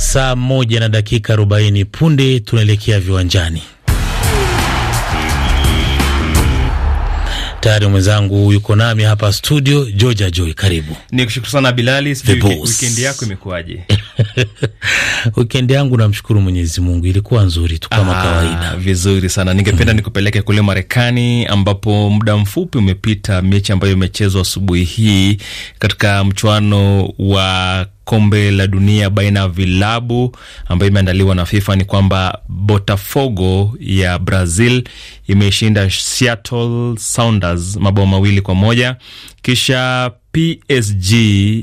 saa moja na dakika arobaini punde tunaelekea viwanjani. Tayari mwenzangu yuko nami hapa studio, joja Joy, karibu. Ni kushukuru sana Bilali, sijui wikendi yako imekuwaje? Wikendi yangu namshukuru Mwenyezi Mungu, ilikuwa nzuri tu kama ah, kawaida. Vizuri sana. Ningependa mm, nikupeleke kule Marekani ambapo muda mfupi umepita mechi ambayo imechezwa asubuhi hii katika mchuano wa kombe la dunia baina ya vilabu ambayo imeandaliwa na FIFA ni kwamba Botafogo ya Brazil imeshinda Seattle Sounders mabao mawili kwa moja kisha PSG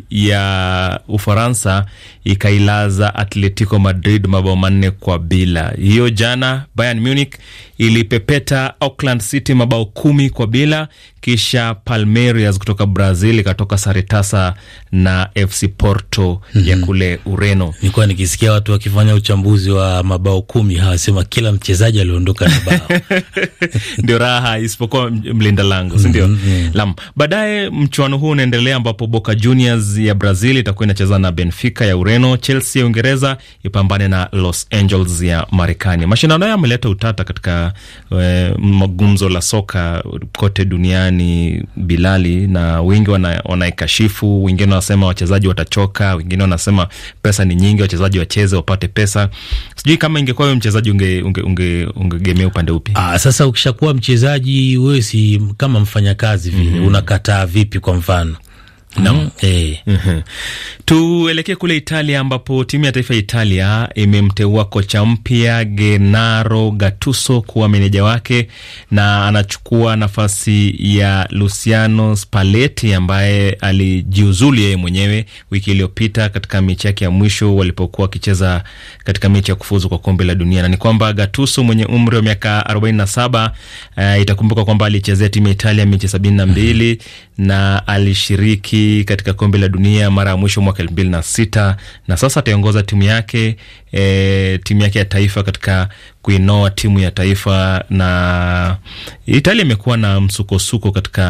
ya Ufaransa ikailaza Atletico Madrid mabao manne kwa bila. Hiyo jana Bayern Munich ilipepeta Auckland City mabao kumi kwa bila. Kisha Palmeiras kutoka Brazil ikatoka sare tasa na FC Porto mm -hmm. ya mhm. kule Ureno. Nilikuwa nikisikia watu wakifanya uchambuzi wa mabao kumi, hawasema kila mchezaji aliondoka na bao ndio raha isipokuwa mlinda lango, sindio? mm -hmm. Lam, baadaye mchuano huu unaendelea ambapo Boca Juniors ya Brazil itakuwa inacheza na Benfica ya Ureno, Chelsea ya Uingereza ipambane na Los Angeles ya Marekani. Mashindano hayo yameleta utata katika eh, magumzo la soka kote duniani ni Bilali na wengi wanaikashifu, wana wengine wanasema wachezaji watachoka, wengine wanasema pesa ni nyingi, wachezaji wacheze wapate pesa. Sijui kama ingekuwa wewe mchezaji ungegemea unge, unge, unge upande upi? Aa, ah, sasa ukishakuwa mchezaji wewe si kama mfanyakazi vile mm -hmm. unakataa vipi? Kwa mfano Naam, mm-hmm. eh. Mm-hmm. Tuelekee kule Italia ambapo timu ya taifa ya Italia imemteua kocha mpya Gennaro Gattuso kuwa meneja wake na anachukua nafasi ya Luciano Spalletti ambaye alijiuzulu yeye mwenyewe wiki iliyopita katika mechi yake ya mwisho walipokuwa wakicheza katika mechi ya kufuzu kwa kombe la dunia. Na ni kwamba Gattuso mwenye umri wa miaka 47, uh, eh, itakumbuka kwamba alichezea timu ya Italia mechi 72 mm-hmm. na alishiriki katika kombe la dunia mara ya mwisho mwaka elfu mbili na sita na sasa ataiongoza timu yake e, timu yake ya taifa katika kuinoa timu ya taifa. Na Italia imekuwa na msukosuko katika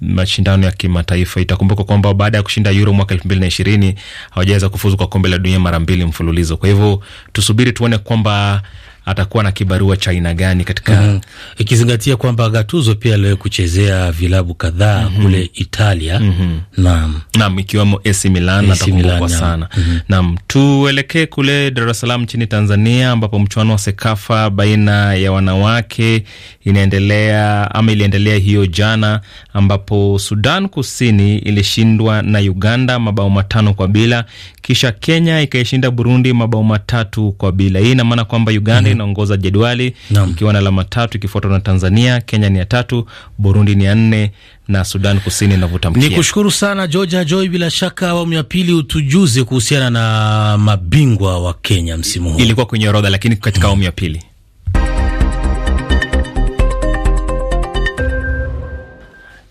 mashindano ya kimataifa. itakumbuka kwamba baada ya kushinda Euro mwaka elfu mbili na ishirini hawajaweza kufuzu kwa kombe la dunia mara mbili mfululizo. Kwa hivyo tusubiri tuone kwamba atakuwa na kibarua cha aina gani katika mm -hmm. ikizingatia kwamba Gatuzo pia aliwahi kuchezea vilabu kadhaa mm -hmm. kule Italia mm -hmm. naam, naam ikiwemo AC Milan atakumbukwa sana mm -hmm. Naam, tuelekee kule Dar es Salaam nchini Tanzania ambapo mchuano wa Sekafa baina ya wanawake inaendelea ama iliendelea hiyo jana, ambapo Sudan Kusini ilishindwa na Uganda mabao matano kwa bila, kisha Kenya ikaishinda Burundi mabao matatu kwa bila. Hii ina maana kwamba Uganda mm -hmm inaongoza jedwali ikiwa na alama tatu ikifuatwa na Tanzania. Kenya ni ya tatu, Burundi ni ya nne na Sudan Kusini inavuta mkia. Ni kushukuru sana Georgia Joy, bila shaka awamu ya pili utujuze kuhusiana na mabingwa wa Kenya msimu huu. Ilikuwa kwenye orodha lakini katika awamu hmm. ya pili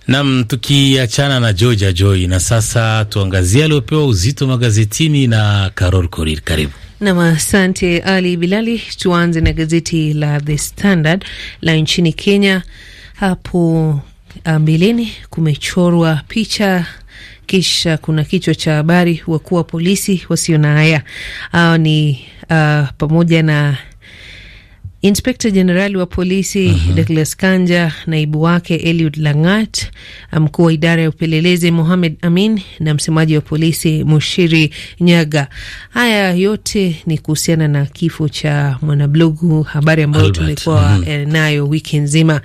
Nam, tukiachana na Georgia Joy na sasa tuangazie aliopewa uzito magazetini na Carol Korir. Karibu. Nam, asante Ali Bilali. Tuanze na gazeti la The Standard la nchini Kenya. Hapo ah, mbeleni kumechorwa picha kisha kuna kichwa cha habari, wakuu wa polisi wasio na haya. Hao ni uh, pamoja na Inspekta Jenerali wa polisi uh mhm. -huh. Douglas Kanja, naibu wake Eliud Langat, mkuu wa idara ya upelelezi Mohamed Amin na msemaji wa polisi Mushiri Nyaga. Haya yote ni kuhusiana na kifo cha mwanablogu, habari ambayo tumekuwa uh mhm. eh, -huh. nayo wiki nzima.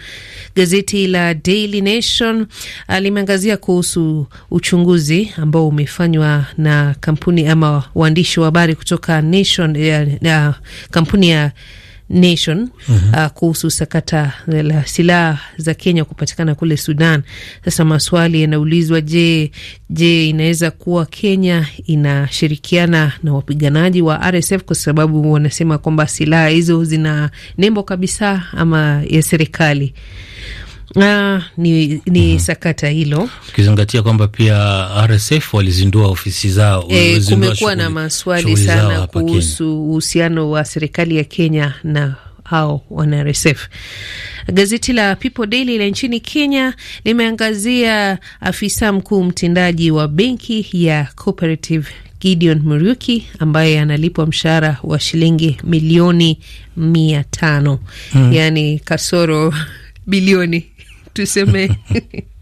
Gazeti la Daily Nation ah, limeangazia kuhusu uchunguzi ambao umefanywa na kampuni ama waandishi wa habari kutoka Nation ya, eh, ya kampuni ya Nation uh uh, kuhusu sakata la silaha za Kenya kupatikana kule Sudan. Sasa maswali yanaulizwa, je, je, inaweza kuwa Kenya inashirikiana na wapiganaji wa RSF kwa sababu wanasema kwamba silaha hizo zina nembo kabisa ama ya serikali. Ah, ni, ni mm. sakata hilo ukizingatia kwamba pia RSF walizindua ofisi zao e, eh, kumekuwa na maswali sana kuhusu uhusiano wa serikali ya Kenya na hao wana RSF. Gazeti la People Daily la nchini Kenya limeangazia afisa mkuu mtendaji wa benki ya Cooperative Gideon Muriuki ambaye analipwa mshahara wa shilingi milioni mia tano mm. yani kasoro bilioni tuseme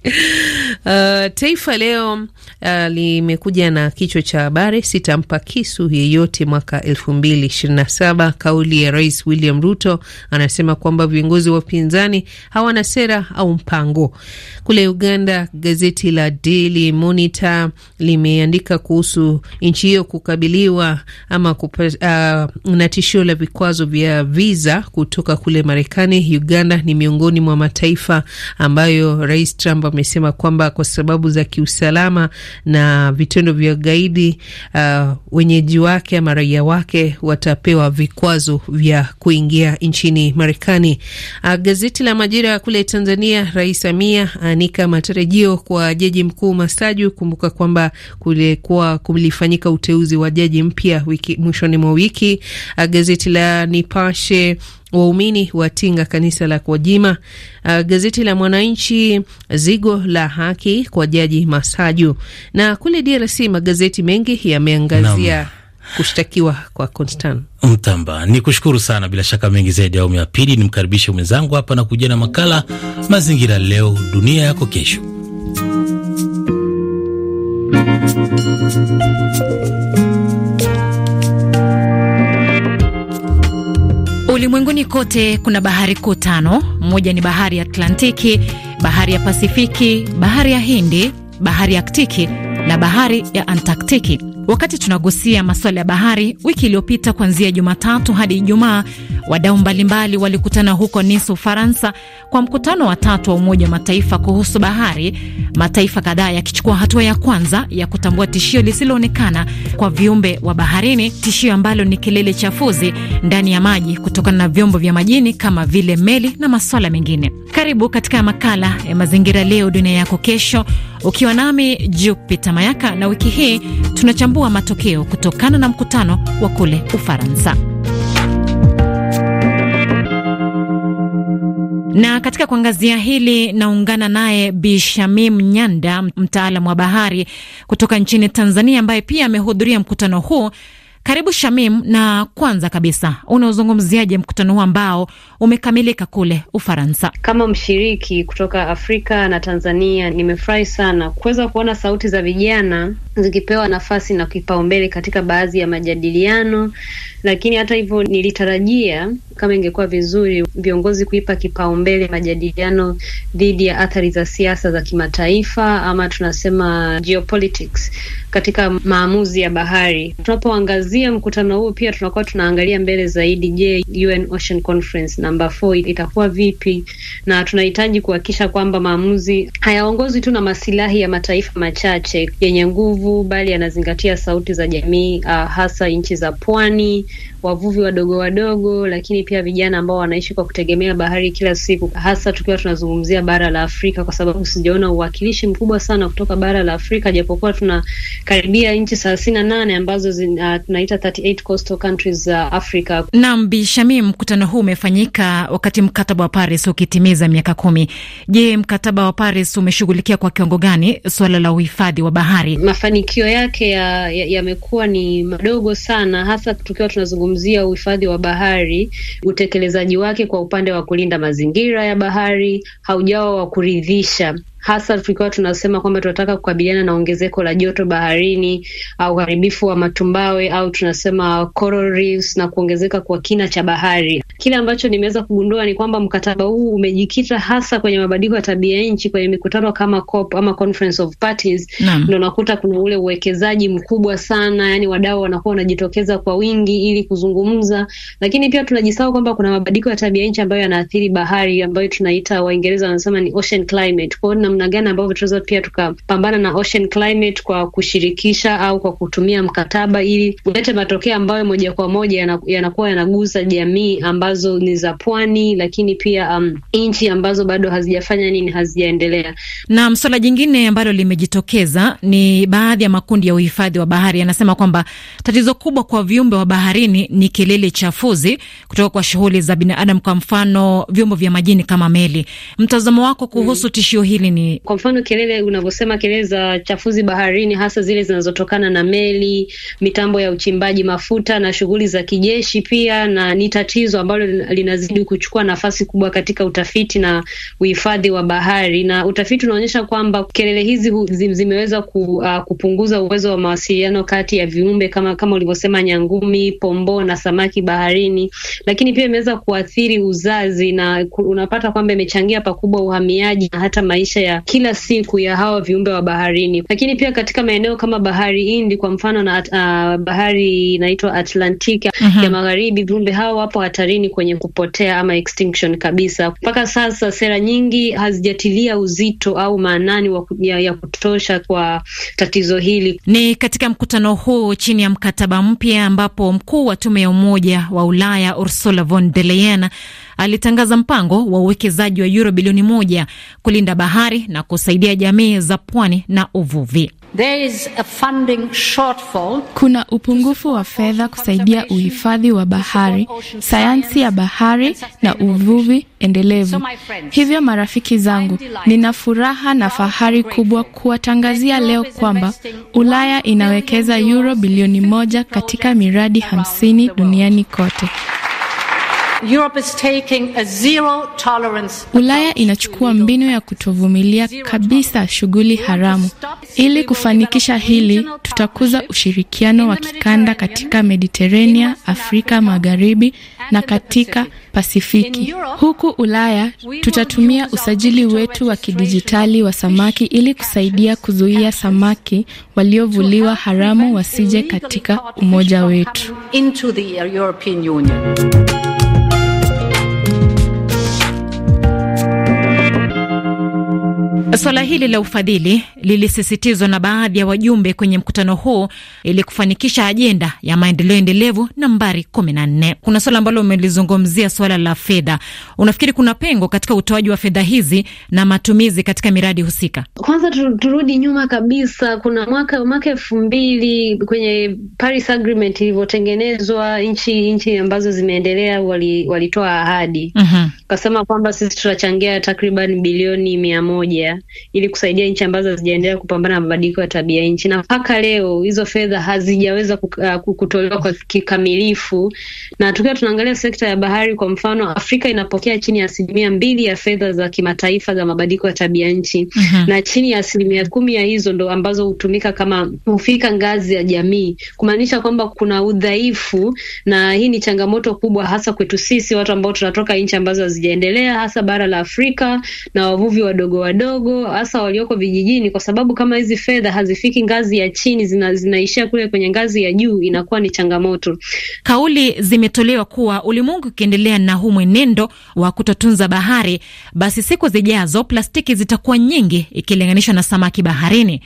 Uh, Taifa Leo uh, limekuja na kichwa cha habari sitampa kisu yeyote mwaka 2027. Kauli ya Rais William Ruto anasema kwamba viongozi wa upinzani hawana sera au mpango. Kule Uganda, gazeti la Daily Monitor limeandika kuhusu nchi hiyo kukabiliwa ama kupa, uh, na tishio la vikwazo vya visa kutoka kule Marekani. Uganda ni miongoni mwa mataifa ambayo Rais Trump amesema kwamba kwa sababu za kiusalama na vitendo vya ugaidi, uh, wenyeji wake ama raia wake watapewa vikwazo vya kuingia nchini Marekani. Uh, gazeti la Majira kule Tanzania, Rais Samia anika matarajio kwa jaji mkuu Masaju. Kumbuka kwamba kulikuwa kulifanyika uteuzi wa jaji mpya mwishoni mwa wiki. Uh, gazeti la Nipashe waumini watinga kanisa la Kwajima. Uh, gazeti la Mwananchi, zigo la haki kwa jaji Masaju. Na kule DRC magazeti mengi yameangazia kushtakiwa kwa Constant Mtamba. Ni kushukuru sana, bila shaka mengi zaidi awamu ya pili. Nimkaribishe mwenzangu hapa na kuja na makala Mazingira Leo, dunia yako kesho. kote kuna bahari kuu tano. Moja ni bahari ya Atlantiki, bahari ya Pasifiki, bahari ya Hindi, bahari ya Aktiki na bahari ya Antaktiki. Wakati tunagusia masuala ya bahari, wiki iliyopita kuanzia Jumatatu hadi Ijumaa Wadau mbalimbali walikutana huko Nice, Ufaransa, kwa mkutano wa tatu wa Umoja wa Mataifa kuhusu bahari, mataifa kadhaa yakichukua hatua ya kwanza ya kutambua tishio lisiloonekana kwa viumbe wa baharini, tishio ambalo ni kelele chafuzi ndani ya maji kutokana na vyombo vya majini kama vile meli na maswala mengine. Karibu katika makala ya Mazingira Leo Dunia Yako Kesho, ukiwa nami Jupita Mayaka, na wiki hii tunachambua matokeo kutokana na mkutano wa kule Ufaransa. Na katika kuangazia hili naungana naye Bi Shamim Nyanda, mtaalam wa bahari kutoka nchini Tanzania, ambaye pia amehudhuria mkutano huu karibu Shamim, na kwanza kabisa unaozungumziaje mkutano huu ambao umekamilika kule Ufaransa? Kama mshiriki kutoka Afrika na Tanzania, nimefurahi sana kuweza kuona sauti za vijana zikipewa nafasi na kipaumbele katika baadhi ya majadiliano, lakini hata hivyo nilitarajia kama ingekuwa vizuri viongozi kuipa kipaumbele majadiliano dhidi ya athari za siasa za kimataifa ama tunasema geopolitics katika maamuzi ya bahari tunapoangazia kumalizia mkutano huu pia tunakuwa tunaangalia mbele zaidi. Je, UN Ocean Conference namba 4 itakuwa vipi? Na tunahitaji kuhakikisha kwamba maamuzi hayaongozwi tu na masilahi ya mataifa machache yenye nguvu, bali yanazingatia sauti za jamii, uh, hasa nchi za pwani wavuvi wadogo wadogo, lakini pia vijana ambao wanaishi kwa kutegemea bahari kila siku, hasa tukiwa tunazungumzia bara la Afrika, kwa sababu sijaona uwakilishi mkubwa sana kutoka bara la Afrika, japokuwa tunakaribia nchi thelathini na nane ambazo zina, uh, tunaita 38 coastal countries za Afrika. Naam, Bi Shamim, mkutano huu umefanyika wakati mkataba wa Paris ukitimiza miaka kumi. Je, mkataba wa Paris umeshughulikia kwa kiwango gani suala la uhifadhi wa bahari? Mafanikio yake yamekuwa ya, ya ni madogo sana, hasa tukiwa tunazungumzia tunazungumzia uhifadhi wa bahari, utekelezaji wake kwa upande wa kulinda mazingira ya bahari haujawa wa kuridhisha hasa tukiwa tunasema kwamba tunataka kukabiliana na ongezeko la joto baharini au uharibifu wa matumbawe au tunasema coral reefs na kuongezeka kwa kina cha bahari. Kile ambacho nimeweza kugundua ni kwamba mkataba huu umejikita hasa kwenye mabadiliko ya tabia nchi kwenye mikutano kama COP ama Conference of Parties, ndio nakuta kuna ule uwekezaji mkubwa sana, yani wadau wanakuwa wanajitokeza kwa wingi ili kuzungumza, lakini pia tunajisahau kwamba kuna mabadiliko ya tabia nchi ambayo yanaathiri bahari ambayo tunaita, Waingereza wanasema ni ocean climate. Kwa hiyo namna gani ambavyo tunaweza pia tukapambana na ocean climate kwa kushirikisha au kwa kutumia mkataba ili ulete matokeo ambayo moja kwa moja yanakuwa yanagusa jamii ambayo ambazo ni za pwani, lakini pia um, nchi ambazo bado hazijafanya nini, hazijaendelea. Na swala jingine ambalo limejitokeza ni baadhi ya makundi ya uhifadhi wa bahari yanasema kwamba tatizo kubwa kwa viumbe wa baharini ni kelele chafuzi kutoka kwa shughuli za binadamu, kwa mfano vyombo vya majini kama meli. Mtazamo wako kuhusu mm, tishio hili ni kwa mfano kelele unavyosema, kelele za chafuzi baharini, hasa zile zinazotokana na meli, mitambo ya uchimbaji mafuta na shughuli za kijeshi pia, na ni tatizo ambalo ambalo linazidi kuchukua nafasi kubwa katika utafiti na uhifadhi wa bahari, na utafiti unaonyesha kwamba kelele hizi zimeweza ku, uh, kupunguza uwezo wa mawasiliano kati ya viumbe kama, kama ulivyosema nyangumi, pomboo na samaki baharini, lakini pia imeweza kuathiri uzazi na unapata kwamba imechangia pakubwa uhamiaji na hata maisha ya kila siku ya hawa viumbe wa baharini. Lakini pia katika maeneo kama bahari Hindi kwa mfano na uh, bahari inaitwa Atlantika uh -huh. ya mhm. magharibi, viumbe hao wapo hatarini karibuni kwenye kupotea ama extinction kabisa. Mpaka sasa sera nyingi hazijatilia uzito au maanani ya, ya kutosha kwa tatizo hili. Ni katika mkutano huu chini ya mkataba mpya ambapo mkuu wa tume ya Umoja wa Ulaya Ursula von der Leyen alitangaza mpango wa uwekezaji wa yuro bilioni moja kulinda bahari na kusaidia jamii za pwani na uvuvi. There is a funding shortfall. Kuna upungufu wa fedha kusaidia uhifadhi wa bahari, sayansi ya bahari na uvuvi endelevu. Hivyo marafiki zangu, nina furaha na fahari kubwa kuwatangazia leo kwamba Ulaya inawekeza euro bilioni moja katika miradi hamsini duniani kote. Ulaya inachukua mbinu ya kutovumilia kabisa shughuli haramu. Ili kufanikisha hili, tutakuza ushirikiano wa kikanda katika Mediterania, Afrika Magharibi na katika Pasifiki. Huku Ulaya tutatumia usajili wetu wa kidijitali wa samaki ili kusaidia kuzuia samaki waliovuliwa haramu wasije katika umoja wetu. Swala hili la ufadhili lilisisitizwa na baadhi ya wajumbe kwenye mkutano huu ili kufanikisha ajenda ya maendeleo endelevu nambari kumi na nne. Kuna swala ambalo umelizungumzia, swala la fedha. Unafikiri kuna pengo katika utoaji wa fedha hizi na matumizi katika miradi husika? Kwanza turudi nyuma kabisa, kuna mwaka mwaka elfu mbili kwenye Paris Agreement ilivyotengenezwa, nchi nchi ambazo zimeendelea walitoa wali ahadi, ukasema mhm. kasema kwamba sisi tutachangia takriban bilioni mia moja ili kusaidia nchi ambazo hazijaendelea kupambana na mabadiliko ya tabia nchi, na mpaka leo hizo fedha hazijaweza uh, kutolewa kwa kikamilifu. Na tukiwa tunaangalia sekta ya bahari kwa mfano, Afrika inapokea chini ya asilimia mbili ya fedha za kimataifa za mabadiliko ya tabia nchi mm -hmm. na chini ya asilimia kumi ya hizo ndo ambazo hutumika kama hufika ngazi ya jamii, kumaanisha kwamba kuna udhaifu, na hii ni changamoto kubwa hasa kwetu sisi watu ambao tunatoka nchi ambazo hazijaendelea, hasa bara la Afrika na wavuvi wadogo wadogo wadogo hasa walioko vijijini, kwa sababu kama hizi fedha hazifiki ngazi ya chini, zina, zinaishia kule kwenye ngazi ya juu, inakuwa ni changamoto. Kauli zimetolewa kuwa ulimwengu ukiendelea na huu mwenendo wa kutotunza bahari, basi siku zijazo plastiki zitakuwa nyingi ikilinganishwa na samaki baharini.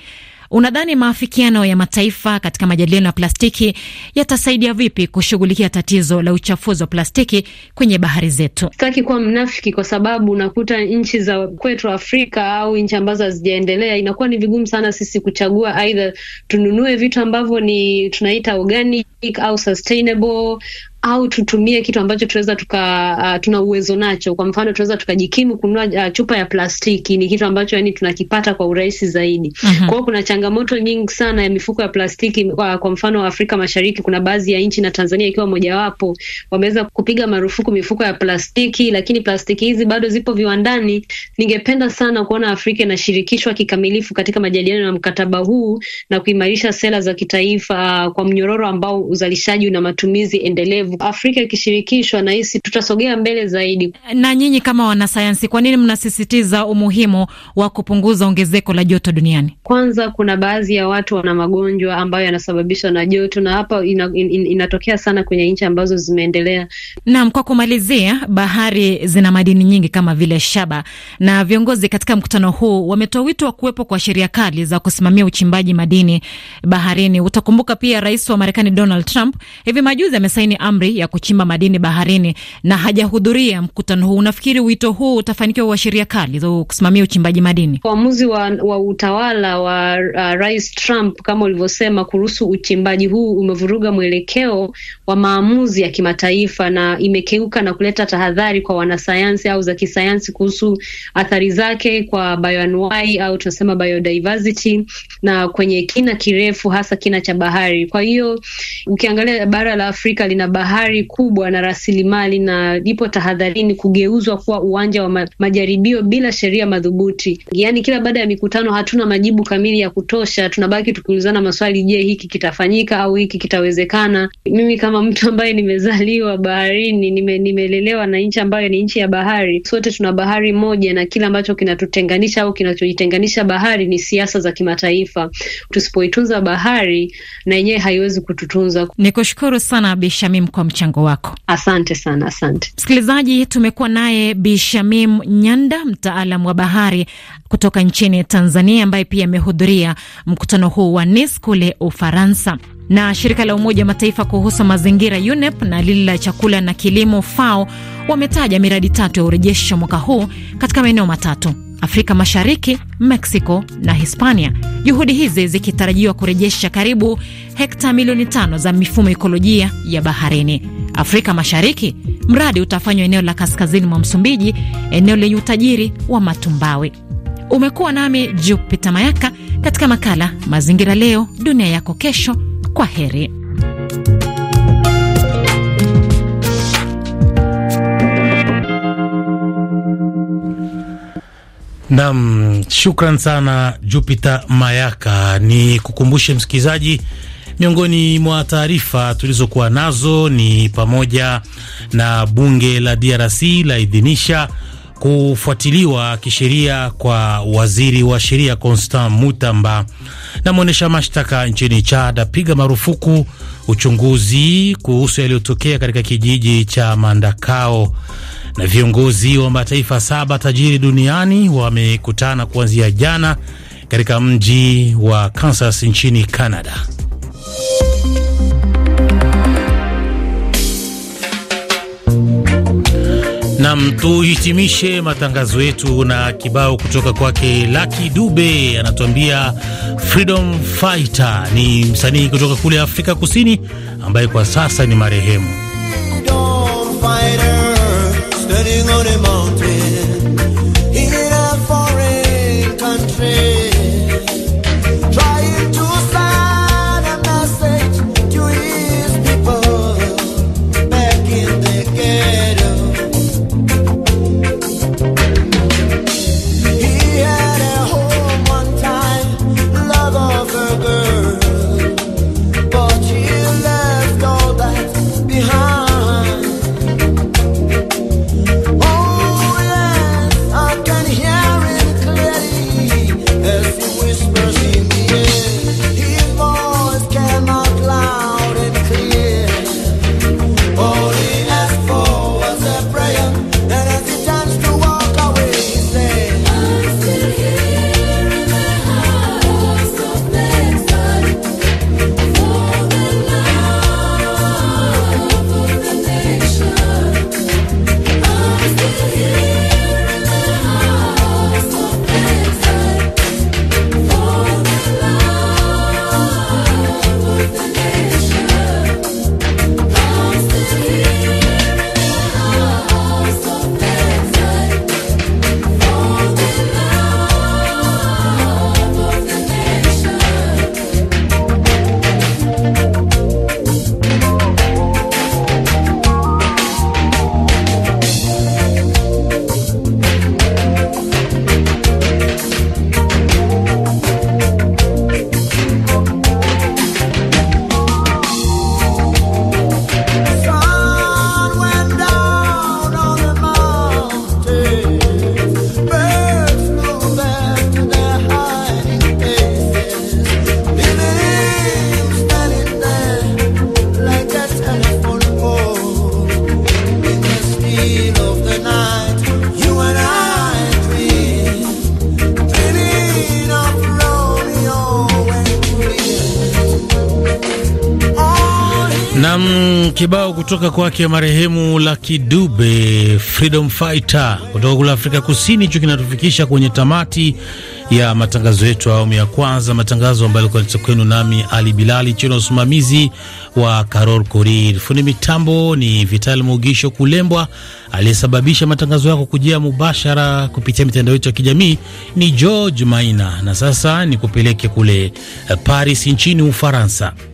Unadhani maafikiano ya mataifa katika majadiliano ya plastiki yatasaidia vipi kushughulikia tatizo la uchafuzi wa plastiki kwenye bahari zetu? Sitaki kuwa mnafiki, kwa sababu unakuta nchi za kwetu Afrika au nchi ambazo hazijaendelea inakuwa ni vigumu sana sisi kuchagua, aidha tununue vitu ambavyo ni tunaita organic au sustainable au tutumie kitu ambacho tunaweza tuka uh, tuna uwezo nacho. Kwa mfano tunaweza tukajikimu kununua uh, chupa ya plastiki, ni kitu ambacho yani tunakipata kwa urahisi zaidi. mm -hmm. Kwa hiyo kuna changamoto nyingi sana ya mifuko ya plastiki kwa, uh, kwa mfano Afrika Mashariki kuna baadhi ya nchi na Tanzania ikiwa mojawapo, wameweza kupiga marufuku mifuko ya plastiki, lakini plastiki hizi bado zipo viwandani. Ningependa sana kuona Afrika inashirikishwa kikamilifu katika majadiliano ya mkataba huu na kuimarisha sera za kitaifa uh, kwa mnyororo ambao uzalishaji na matumizi endelevu Afrika ikishirikishwa, nahisi tutasogea mbele zaidi. Na nyinyi kama wanasayansi, kwa nini mnasisitiza umuhimu wa kupunguza ongezeko la joto duniani? Kwanza, kuna baadhi ya watu wana magonjwa ambayo yanasababishwa na joto, na hapa ina, in, in, inatokea sana kwenye nchi ambazo zimeendelea. Naam, kwa kumalizia, bahari zina madini nyingi kama vile shaba, na viongozi katika mkutano huu wametoa wito wa kuwepo kwa sheria kali za kusimamia uchimbaji madini baharini. Utakumbuka pia rais wa Marekani Donald Trump hivi majuzi amesaini amri amri ya kuchimba madini baharini na hajahudhuria mkutano huu, unafikiri wito huu utafanikiwa wa sheria kali za kusimamia uchimbaji madini? Uamuzi wa, wa utawala wa uh, Rais Trump kama ulivyosema, kuruhusu uchimbaji huu umevuruga mwelekeo wa maamuzi ya kimataifa na imekeuka na kuleta tahadhari kwa wanasayansi au za kisayansi kuhusu athari zake kwa bioanuai au tunasema biodiversity na kwenye kina kirefu hasa kina cha bahari. Kwa hiyo ukiangalia bara la Afrika lina bahari bahari kubwa na rasilimali na ipo tahadharini kugeuzwa kuwa uwanja wa majaribio bila sheria madhubuti. Yaani, kila baada ya mikutano hatuna majibu kamili ya kutosha, tunabaki tukiulizana maswali, je, hiki kitafanyika au hiki kitawezekana? Mimi kama mtu ambaye nimezaliwa baharini, nime, nimelelewa na nchi ambayo ni nchi ya bahari, sote tuna bahari moja, na kile ambacho kinatutenganisha au kinachojitenganisha bahari ni siasa za kimataifa. Tusipoitunza bahari, na yenyewe haiwezi kututunza. Nikushukuru sana Bishamim kwa mchango wako. Asante sana, asante msikilizaji. Tumekuwa naye bishamim Nyanda, mtaalam wa bahari kutoka nchini Tanzania, ambaye pia amehudhuria mkutano huu wa NIS kule Ufaransa na shirika la Umoja wa Mataifa kuhusu mazingira UNEP na lile la chakula na kilimo FAO wametaja miradi tatu ya urejesho mwaka huu katika maeneo matatu. Afrika Mashariki, Mexico na Hispania, juhudi hizi zikitarajiwa kurejesha karibu hekta milioni tano za mifumo ekolojia ya baharini. Afrika Mashariki, mradi utafanywa eneo la kaskazini mwa Msumbiji, eneo lenye utajiri wa matumbawe. Umekuwa nami Jupita Mayaka katika makala Mazingira Leo, Dunia Yako Kesho. Kwa heri. Nam, shukran sana Jupiter Mayaka. Ni kukumbushe msikilizaji, miongoni mwa taarifa tulizokuwa nazo ni pamoja na bunge la DRC laidhinisha kufuatiliwa kisheria kwa waziri wa sheria Constant Mutamba, na mwonyesha mashtaka nchini Chad apiga marufuku uchunguzi kuhusu yaliyotokea katika kijiji cha Mandakao na viongozi wa mataifa saba tajiri duniani wamekutana kuanzia jana katika mji wa Kansas nchini Canada. Nam, tuhitimishe matangazo yetu na kibao kutoka kwake Lucky Dube, anatuambia Freedom Fighter. Ni msanii kutoka kule Afrika Kusini ambaye kwa sasa ni marehemu. جانمان Nam kibao kutoka kwake marehemu Lucky Dube, freedom fighter kutoka kule Afrika Kusini. Hicho kinatufikisha kwenye tamati ya matangazo yetu awamu ya kwanza matangazo ambayo alikuwa nata kwenu, nami Ali Bilali chini ya usimamizi wa Carol Korir. Fundi mitambo ni Vital Mugisho Kulembwa, aliyesababisha matangazo yako kujia mubashara kupitia mitandao yetu ya kijamii ni George Maina, na sasa ni kupeleke kule Paris nchini Ufaransa.